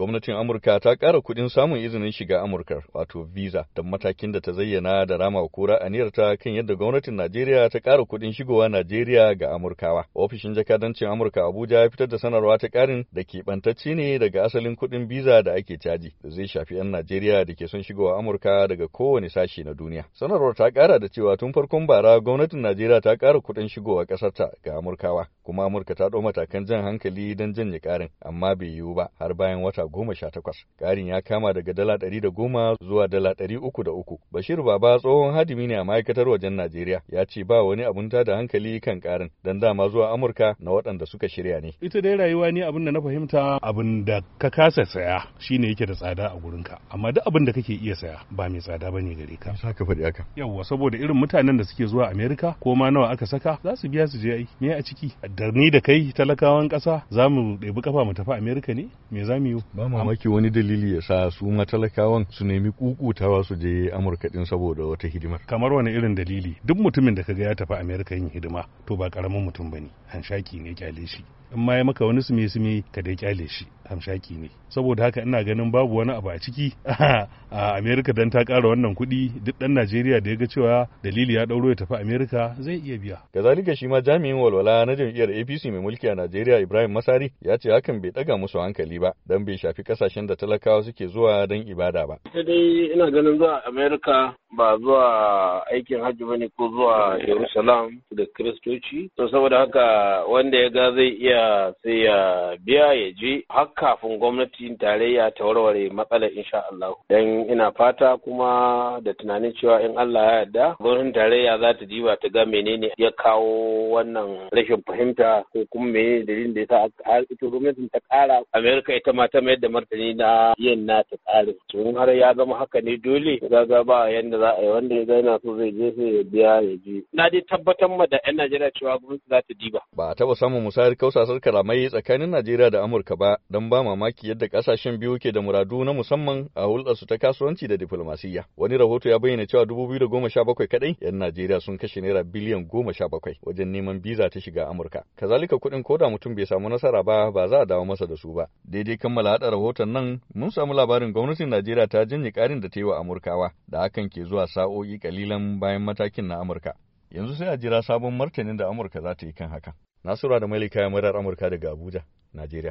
Gwamnatin Amurka ta ƙara kuɗin samun izinin shiga Amurka wato visa da matakin da ta zayyana da rama kura aniyarta kan yadda gwamnatin Najeriya ta ƙara kuɗin shigowa Najeriya ga Amurkawa. Ofishin jakadancin Amurka Abuja ya fitar da sanarwa ta ƙarin da keɓantacce ne daga asalin kuɗin visa da ake caji da zai shafi 'yan Najeriya da ke son shigowa Amurka daga kowane sashi na duniya. Sanarwar ta ƙara da cewa tun farkon bara gwamnatin Najeriya ta ƙara kuɗin shigowa ƙasarta ga Amurkawa kuma Amurka ta ɗau matakan jan hankali don janye ƙarin amma bai yiwu ba har bayan wata goma sha takwas. Ƙarin ya kama daga dala ɗari da goma zuwa dala ɗari uku da uku. Bashir Baba tsohon hadimi ne a ma'aikatar wajen Najeriya ya ce ba wani abun da hankali kan ƙarin don dama zuwa Amurka na waɗanda suka shirya ne. Ita dai rayuwa ne abin da na fahimta abin da ka kasa saya shine yake da tsada a gurin ka, amma duk abin da kake iya saya ba mai tsada ba ne gare ka. ka faɗi haka. Yawwa saboda irin mutanen da suke zuwa Amerika ko ma nawa aka saka za su biya su je ai me a ciki da ni da kai talakawan ƙasa za mu ɗebi kafa mu tafi Amerika ne me za mu yi ba mamaki wani dalili ya sa su matalakawan su nemi kukutawa su je amurka din saboda wata hidimar kamar wani irin dalili duk mutumin da kaga ya tafi amerika yin hidima to ba karamin mutum ba ne, hanshaki ne kyale shi in ma ya maka wani sume sume ka dai kyale shi hamshaki ne saboda haka ina ganin babu wani abu a ciki a amerika dan ta kara wannan kuɗi duk dan najeriya da ya ga cewa dalili ya ɗauro ya tafi amerika zai iya biya kazalika shi ma jami'in walwala na jam'iyyar apc mai mulki a najeriya ibrahim masari ya ce hakan bai ɗaga musu hankali ba dan bai shafi kasashen da talakawa suke zuwa don ibada ba. Sai dai ina ganin zuwa Amerika ba zuwa aikin hajji bane ko zuwa Jerusalem da Kiristoci. To saboda haka wanda ya ga zai iya sai ya biya ya je har kafin gwamnati tarayya ta warware matsalar insha Allah. Dan ina fata kuma da tunanin cewa in Allah ya yarda gwamnatin tarayya za ta diba ta ga menene ya kawo wannan rashin fahimta ko kuma menene dalilin da sa har ita gwamnatin ta kara Amerika ita ma ta mayar da martani na yin nata tsarin. Tun har ya zama haka ne dole ga ba yanda za a yi wanda ya ga yana so zai je sai ya biya ya je na dai tabbatar ma da yan Najeriya cewa gwamnati za ta diba ba a taɓa samun musayar kausasar Karamai tsakanin Najeriya da Amurka ba don ba mamaki yadda ƙasashen biyu ke da muradu na musamman a hulɗarsu ta kasuwanci da diflomasiyya wani rahoto ya bayyana cewa dubu da 2017 kaɗai, yan Najeriya sun kashe naira biliyan 17 wajen neman biza ta shiga Amurka kazalika kuɗin da mutum bai samu nasara ba ba za a dawo masa da su ba daidai kammala haɗa rahoton nan mun samu labarin gwamnatin Najeriya ta janye karin da ta yi wa Amurkawa da hakan ke zuwa sa'o'i kalilan bayan matakin na Amurka. Yanzu sai a jira sabon martanin da Amurka za ta yi kan hakan. Nasura da Malika ya murar Amurka daga Abuja, Najeriya.